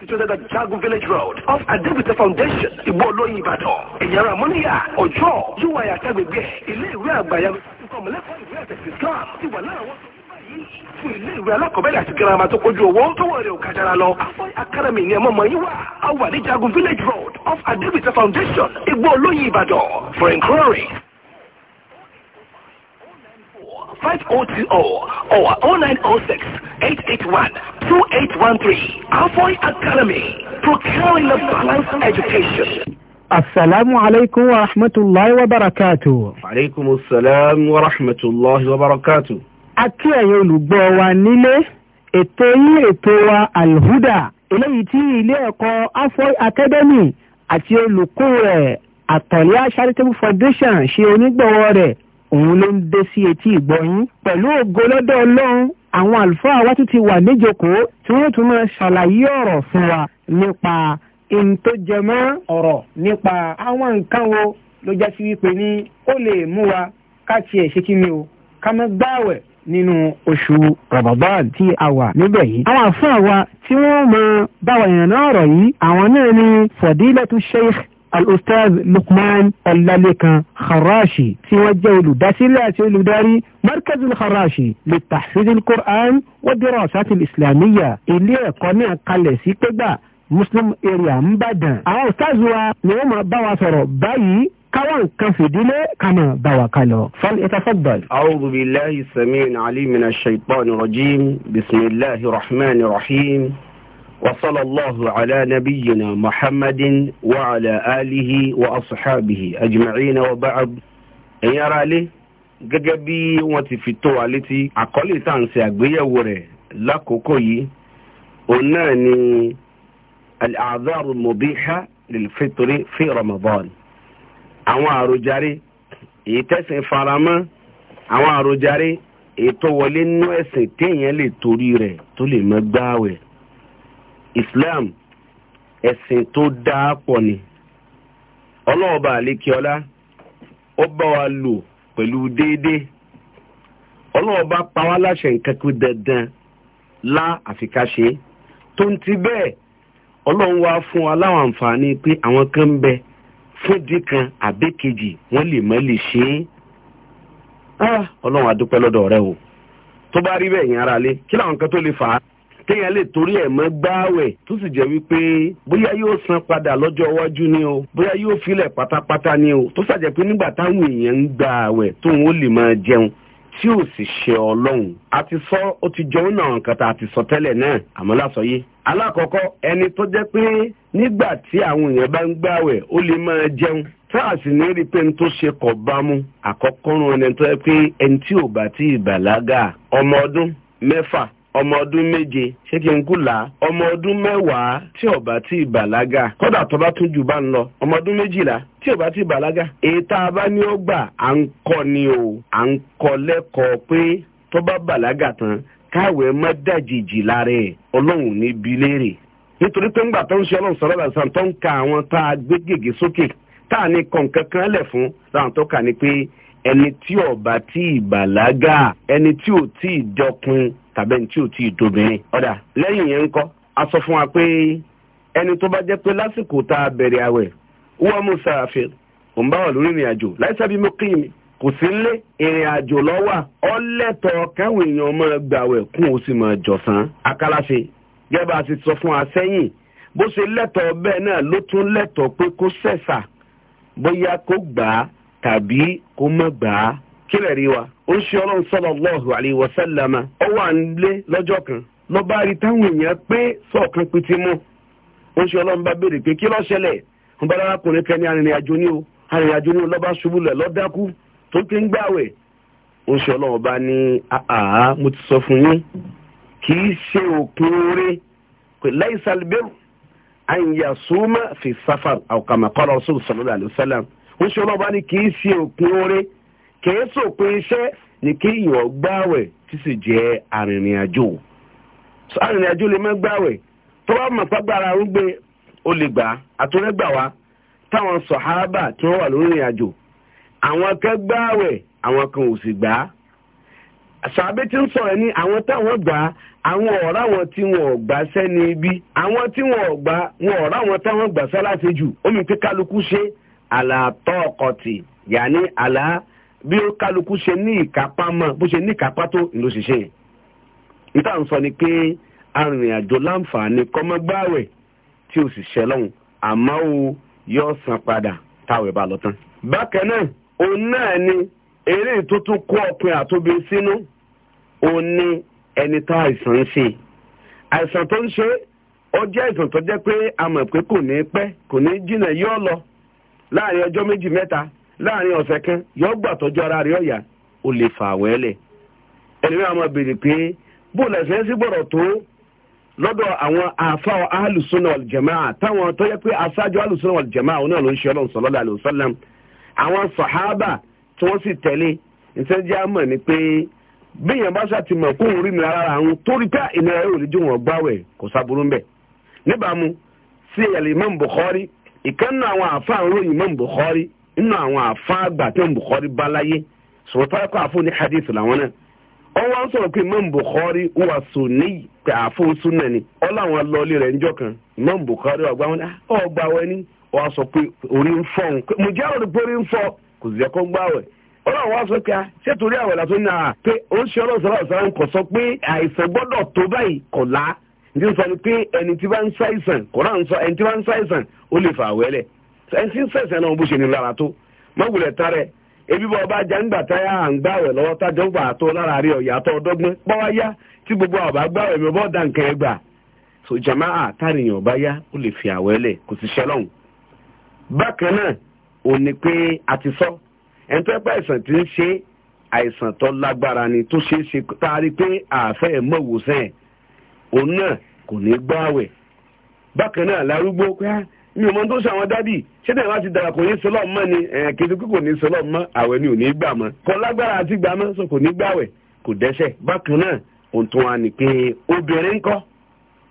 situated at Jago Village Road off Adébùtẹ̀ Foundation, Ìgbò Olóyin Ìbàdàn. Ìyàrá Amúníyà, Ọjọ́, UI Àtàgbègbè, ilé ìwé àgbàyà ìkọ̀mọ̀lẹ́kọ̀ọ́ ìwé àtẹ̀sí Islam ti wà láàárọ̀ fún ilé ìwé alákọ̀ọ́bẹ̀rẹ̀ àti girama tó kojú owó tó wọ̀ rẹ̀ ò kájára lọ. Afọ́n Akademi ni ọmọ ọmọ yín wà. A wà ní Jago Village Road off Adébùtẹ̀ Foundation, Ìgbò Olóyin Ìbàdàn. For inquiry, 502 or 0906 881 2813. Alfoy Academy, procuring a balanced education. السلام عليكم ورحمة الله وبركاته وعليكم السلام ورحمة الله وبركاته Akí ẹ̀yin olùgbọ́ wa nílé, ètò yín ètò wa Alhuda, eléyìí tí ilé ẹ̀kọ́ Afoy Academy àti olùkọ́ rẹ̀ Àtọ̀lẹ́ Charitable Foundation ṣe onígbọ̀wọ́ rẹ̀ òun ló ń dé sí etí ìgbọ́yín pẹ̀lú ògo ọlọ́run àwọn àlùfáà wa tún ti wà níjókòó tí wọ́n tún máa ṣàlàyé ọ̀rọ̀ fún wa nípa ohun tó jẹ mọ́ ọ̀rọ̀ nípa àwọn nǹkan wo ló já sí wípé ní ó lè mú wa ká tiẹ̀ ṣe kí ni o ká má gbààwẹ̀ nínú oṣù Ramadan tí a wà níbẹ̀ yìí. àwọn àfáà wa tí wọ́n mọ báwa ìrànlọ́rọ̀ yìí àwọn náà ni fọ̀dílẹ̀tù Sheikh al-ustaz Luqman Ọlálékan Kharashi tí wọ́n jẹ́ olùdásílẹ̀ àti olùdarí markazul kharashi lè tahfidil quran wa dirasati islamiyya ilé ẹ̀kọ́ náà kalẹ̀ sí pégbà muslim area ń bàdàn. àwọn ustaz wa ni wọ́n máa bá wa sọ̀rọ̀ báyìí káwọn nǹkan fìdílé kàmá bá wa kalọ̀. fal itafaddal. a'udhu billahi sami'in alim minash shaitani rajim bismillahir rahmanir rahim. وصلى الله على نبينا محمد وعلى آله وأصحابه أجمعين وبعد يرى لي gẹ́gẹ́ bí wọ́n ti fi tó wa létí àkọlé tá à ń ṣe àgbéyẹ̀wò rẹ̀ lákòókò yìí òun náà ni al-a'dhar al fi Ramadan àwọn àròjàre èyí tẹ̀sìn faramọ́ àwọn àròjàre èyí tó wọlé nínú ẹ̀sìn téèyàn lè torí rẹ̀ tó lè máa gbààwẹ̀ islam ẹ̀sìn tó dáa pọ̀ ni ọlọ́ọ̀bà àlékiọlá ó bá wa lò pẹ̀lú déédéé ọlọ́ọ̀bà pa wá láṣẹ nǹkan kú dandan lá àfikáṣe tó ń ti bẹ́ẹ̀ ọlọ́run wá fún wa láwọn àǹfààní pé àwọn kan ń bẹ fúndì kan àbẹ́kejì wọ́n lè mọ́ lè ṣe é ah, ọlọ́run a lọ́dọ̀ rẹ o tó bá rí bẹ́ẹ̀ yẹn ara lé kí làwọn kan tó lè fà á téèyàn lè torí ẹ̀ mọ́ gbáwẹ̀ tó sì jẹ́ wípé bóyá yóò san padà lọ́jọ́ iwájú ni o bóyá yóò filẹ̀ pátápátá ni o tó sàjẹ́ pé nígbà táwọn èèyàn ń gba àwẹ̀ tóun ó lè máa jẹun tí ò sì ṣe ọlọ́run a ti sọ ó ti jẹun náà nǹkan tá a ti sọ tẹ́lẹ̀ náà àmọ́ lásọyé. alákọ̀ọ́kọ́ ẹni tó jẹ́ pé nígbà tí àwọn èèyàn bá ń gbààwẹ̀ ó lè máa jẹun tá a sì ní rí pé n tó ṣe kọ̀ bá mu àkọ́kọ́ rún ẹni tó yẹ pé ẹni tí ò bá ti ìbàlágà ọmọ ọdún mẹ́fà ọmọ ọdún méje ṣé kí n kú là á ọmọ ọdún mẹ́wàá tí ò bá ti bàlágà kódà tó bá tún jù bá ń lọ ọmọ ọdún méjìlá tí ò bá ti bàlágà èyí tá a bá ní ó gbà à ń kọ́ ni o à ń kọ́ lẹ́kọ̀ọ́ pé tó bá bàlágà tán káwé má dàjèjì lára ẹ̀ ọlọ́run ní bi nítorí pé ńgbà tó ń ṣe ọlọ́run sọ̀rọ̀ làṣà tó ń ka àwọn tá a gbé gègé sókè tá a ní kọ̀ǹkankan lẹ̀ fún ẹni tí ò bá tí ì bàlágà ẹni tí ò tí ì dọkun tàbí ẹni tí ò tí ì dobìnrin. ọ̀dà lẹ́yìn yẹn ń kọ́ a sọ fún wa pé ẹni tó bá jẹ́ pé lásìkò tá a bẹ̀rẹ̀ àwẹ̀ wọ́n mú sàáfẹ́ òun bá wà lórí ìrìn àjò láìsẹ́ bí mo kí mi kò sí nlé ìrìn àjò lọ́wà ọlẹ́tọ̀ káwọn èèyàn máa gbàwẹ̀ kún ó sì máa jọ̀sán akálàṣe gẹ́gẹ́ ti sọ fún wa sẹ́yìn bó ṣe lẹ́tọ̀ bẹ́ẹ̀ náà ló tún lẹ́tọ̀ pé kó sẹ̀sà bóyá kó gbà tàbí kó má gbà á kílẹ̀ rí wa ó ṣe ọlọ́run sallallahu alaihi wa sallama ó wà nílé lọ́jọ́ kan lọ́ba rí táwọn èèyàn pé sọ̀kan pété mọ́ ó ṣe ọlọ́run bá béèrè pé kí ló ṣẹlẹ̀ ń bá arákùnrin kan ní arìnrìnàjò ní o arìnrìnàjò ní o lọ́ba ṣubú lẹ̀ lọ́dákú tó ti ń gbàwẹ̀ ó ṣe ọlọ́run bá ní àhà mo ti sọ fún yín kì í ṣe òpin oore pé laisal birru an yasuma fi safar aw kama qala rasul sallallahu alaihi ó ṣe ọlọ́ba ni kì í ṣe òpin oore kì í ṣòpin iṣẹ́ ni kí ìwọ gbààwẹ̀ tí sì jẹ́ arìnrìn-àjò arìnrìn-àjò lè má gbààwẹ̀ tó bá mọ̀ pàgbára arúgbó o lè gbà àtúrẹ́gbà wa táwọn sọ̀háábà tí wọ́n wà lórí ìrìnàjò àwọn kan gbààwẹ̀ àwọn kan ò sì gbà á sàbẹ́ tí ń sọ̀rọ̀ ní àwọn táwọn gbà á àwọn ọ̀rá wọn tí wọn ò gbà sẹ́ni ibi àwọn tí wọn ò gbà wọn ọ̀rá wọn táwọn gbà sálàṣejù omi pé kálukú ṣe é àlàtọ́ọ̀kọ̀tì yàní àlà bí ó kálukú ṣe ní ìkápá mọ́ bó ṣe ní ìkápá tó ló ṣiṣẹ́ níta ń sọ ni pé arìnrìnàjò láǹfààní kọ́mọ́gbáwẹ̀ tí ó sì ṣẹ́ lọ́hùn àmọ́ ó yọ san padà táwẹ̀ bá lọ tán. bákan náà òun náà ni eré tó tún kó ọkùnrin àtòbí sínú òun ni ẹni tá àìsàn ń ṣe àìsàn tó ń ṣe ó jẹ́ àìsàn tó jẹ́ pé a mọ̀ pé kò ní pẹ́ kò ní jìnnà yóò lọ láàrin ọjọ́ méjì mẹ́ta láàrin ọ̀sẹ̀ kan yọ gbà tọ́jú ara rẹ̀ ọ̀yà ó lè fà wẹ́lẹ̀ ẹlẹ́mìíràn máa béèrè pé bó lẹ́sẹ̀ sí gbọ́dọ̀ tó lọ́dọ̀ àwọn àfáà táwọn tó pé aṣáájú ń ṣe ọlọ́run àwọn sàhábà tí wọ́n sì tẹ̀lé pé bá kó rí wọn gbáwẹ̀ kò sábúrú ń bẹ̀ níbàámu sí ikan nínú awon afa àròyìn Imam Bukhari nínú àwọn àfa àgbà tí Bukhari bá láyé sọ̀rọ̀ tó kọ́ àfọ̀ hadith làwọn náà wọ́n wá ń sọ̀rọ̀ pé Bukhari sunni ni kan Bukhari ni wọ́n ah, sọ pé orí ń fọ́ òun mo jẹ́ òrì pé orí ń fọ́ kò sì yẹ kó gbá wẹ̀ ọlọ́run wá sọ pé a ah, ṣé torí a ah, nti sọ ni pé ẹni tí bá ń ṣàìsàn koran sọ ẹni tí bá ń ṣàìsàn ó lè fà wẹ́lẹ̀ ẹni tí ń ṣàìsàn náà bó ṣe ní lára tó má wulẹ̀ ta rẹ̀ ebi bọ́ ọba ajá ńgbà táyà à ń gbàwẹ̀ lọ́wọ́ tájọ́ gbà tó lára rí ọ̀yà tó ọdọ́gbọ́n wá yá tí gbogbo ọba gbàwẹ̀ mi bọ́ da nǹkan ẹgbà so jamaa táyìyàn bá yá ó lè fi àwẹ́lẹ̀ kò sì ṣẹlọ́hùn bákan náà ò ní pé a ti sọ ẹni tó ẹ pé àìsàn ti ń ṣe àìsàn tó lágbára ni tó ṣeé ṣe tá a rí pé àfẹ́ mọ̀wòsàn ẹ̀ òun náà kò ní gbọ́ àwẹ̀ bákan náà lárúgbó pé ah, mi ò mọ tó ṣe àwọn dádì ṣé tẹ̀ láti dára kò ní sọlọ́ mọ́ ni kìtì kò ní sọlọ́ mọ́ àwẹ̀ ni ò ní gbà mọ́ kò lágbára àti gbà mọ́ so kò ní gbà àwẹ̀ kò dẹ́ṣẹ̀ bákan náà òun tó wà ní pé obìnrin ńkọ́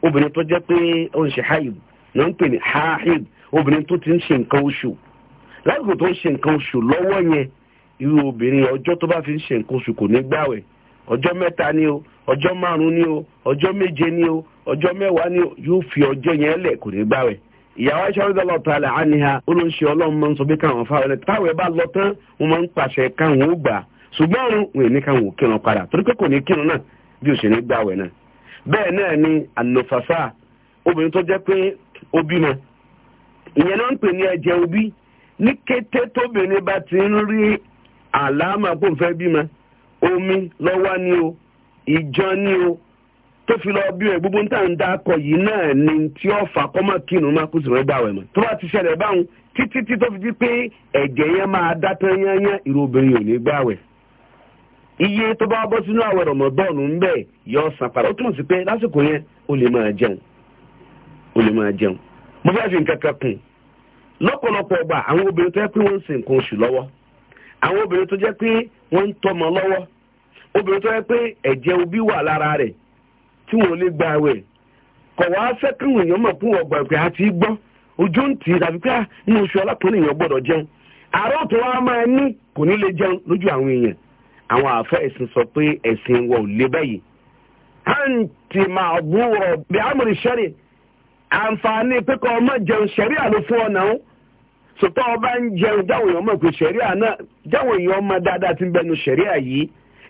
obìnrin tó jẹ́ pé ó ń ṣe haib ló ń pè ní haib obìnrin tó ti ń ṣe nǹkan oṣù lásìkò tó ń ṣe nǹkan oṣù lọ́wọ́ yẹn irú obìnrin ọjọ́ tó bá fi ń ṣe nǹkan oṣù kò ní gbàwẹ̀ ọjọ́ mẹ́ta ni o ọjọ́ márùn ni o ọjọ́ méje ni o ọjọ́ mẹ́wàá ni o yóò fi ọjọ́ yẹn lẹ̀ kò ní gbààwẹ̀ ìyàwó aṣọ ọdọ àníhà ọlọ́run máa ń sọ káwọn fáwọn ẹni táwọn bá lọ tán wọn máa ń pàṣẹ káwọn ó gbà ṣùgbọ́n ní káwọn ò kírun padà kò ní kírun náà bí o ṣe ní omi lọ́wọ́ ni o ìjàn ni o tó fi lọ bí ẹ ń akọ yìí náà ni tí ó fà kọ́mọ kírun máa kú sùnmọ́ gbà wẹ̀ mọ́ tó bá ti ṣẹlẹ̀ báwọn títí tí tó fi di pé ẹ̀jẹ̀ yẹn máa irú obìnrin ò iye tó bá bọ́ sínú àwẹ̀ ń bẹ̀ yọ san padà ó túmọ̀ sí pé lásìkò yẹn ó lè máa jẹun ó lè máa jẹun mo fẹ́ fi nǹkan kan kùn lọ́pọ̀lọpọ̀ ọgbà àwọn obìnrin tó pé wọ́n ń obìnrin tó yẹ pé ẹ̀jẹ̀ obi wà lára rẹ̀ tí wọn lè gba àwẹ̀ kọ̀ wá fẹ́ kí wọn èèyàn mọ̀ fún ọgbà ìpè àti gbọ́ ojú ń tì í tàbí pé ah, inú oṣù alápọ̀nì èèyàn gbọ́dọ̀ jẹun àárọ̀ tó wá máa ní kò ní lè jẹun lójú àwọn èèyàn àwọn àfẹ́ ẹ̀sìn sọ pé ẹ̀sìn wọn ò lè báyìí máa bí ọba ń jẹun jáwọ̀ èèyàn mọ̀ pé ti ń bẹnu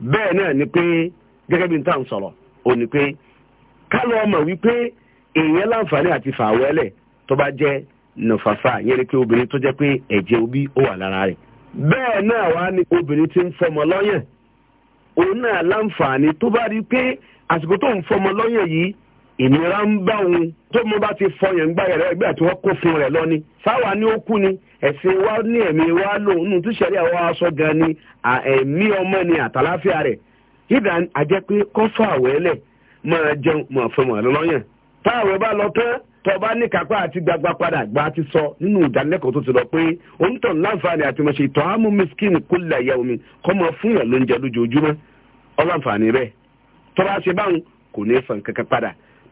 bẹ́ẹ̀ náà ni pé gẹ́gẹ́ bí n tàn sọ̀rọ̀ ò ní pé ká lọ wípé èèyàn láǹfààní àti fàwẹ́lẹ̀ tó bá jẹ́ nùfàfà yẹn ni pé obìnrin tó obi ó wà lára rẹ̀ bẹ́ẹ̀ náà wá ni obìnrin ti ń fọmọ lọ́yàn òun náà láǹfààní tó bá rí pé àsìkò tó ń ìnira ń bá òun tó mo bá ti fọyàn gbá yàrá ẹgbẹ́ tí wọ́n kó fún rẹ̀ lọ́ni fáwa ní ó kú ni ẹ̀sìn wa ní ẹ̀mí wa lòun nù tíṣẹ̀rí àwọn aṣọ gan ni ẹ̀mí ọmọ ni àtàláfíà rẹ̀ yídà àjẹ́ pé kọ́fà àwẹ̀lẹ̀ máa jẹun máa fún wọn lọ́yàn táwọn bá lọ tán tọba ní kápá àti gbagba padà gba ti sọ nínú ìdánilẹ́kọ̀ọ́ tó ti lọ pé òǹtọ̀ láǹfààní àti mọ̀ṣẹ́ ìtọ́ àmú miskin kulla yawmi kọ́ mọ fún yàn lóúnjẹ lójoojúmọ́ ọlọ́ǹfààní rẹ̀ tọ́ba ṣe báwọn kò ní fàn kankan padà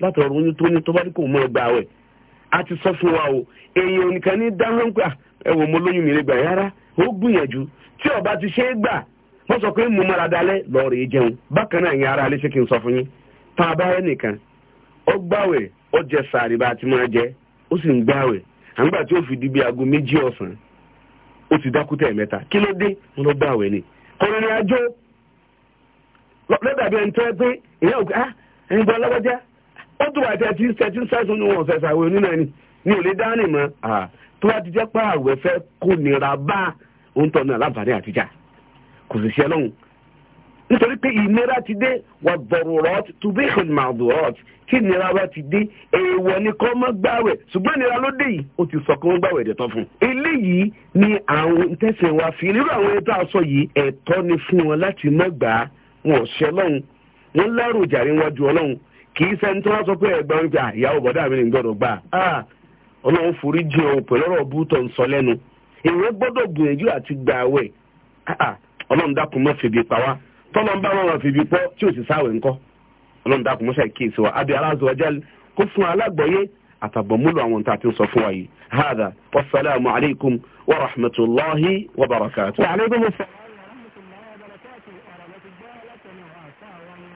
látọ̀ ọ̀rọ̀ oyún tó ní tó bá ní kò mọ ẹgbàá a ti sọ fún wa o èèyàn nìkan ní dáhùn ah, mo lóyún mi lè gbà yàrá ó gbìyànjú tí ọba ti ṣe é gbà wọ́n sọ pé mo mara dalẹ̀ lọ́ọ̀rì jẹun bákan náà yẹn ara ṣe kí n sọ fún yín tá a bá nìkan ó tó wà tẹ́tí tẹ́tí sẹ́sùn ní wọn fẹ́ sàwé onínà ni ní ò lè dání mọ́ tó bá ti jẹ́ pé àwẹ̀ fẹ́ kó nira bá òun tọ́ náà láǹfààní àtijà kò sì ṣe lọ́hùn nítorí pé ìnira ti dé wà dọ̀rọ̀rọ̀ tùbí ìhùnmàdùrọ̀ kí ìnira bá ti dé èèwọ̀ ni kọ́ mọ́ gbàwẹ̀ ṣùgbọ́n ìnira ló dé yìí ó ti sọ pé wọ́n gbàwẹ̀ ẹ̀dẹ̀tọ́ fún un. eléyìí ni àwọn tẹ̀sán wa fi nírú àwọn ẹ̀tọ́ àṣọ yìí ẹ̀tọ́ ni fún wọn láti mọ́ gbà wọn ṣẹlọ́hún wọn láròjàre wọn ju ọlọ́hún kìí sẹ sẹ́ni tó wá pé ẹ̀gbọ́n gbà ìyàwó bọ̀dá ní gbọ́dọ̀ gbà á ọlọ́run forí jìn òun pẹ̀lú ọ̀rọ̀ bútọ̀ nsọ lẹ́nu èèyàn gbọ́dọ̀ gbìyànjú àti gbà ọlọ́run dákun mọ́ fìbí pa wá tọ́lọ́ ń bá wọn fìbí pọ́ tí ò sì sáwẹ̀ ńkọ́ ọlọ́run dákun wa adé aláàzọ̀wájá kó fún alágbọ̀yé a ti wa yìí hàdà wa rahmatulahi wa barakatu.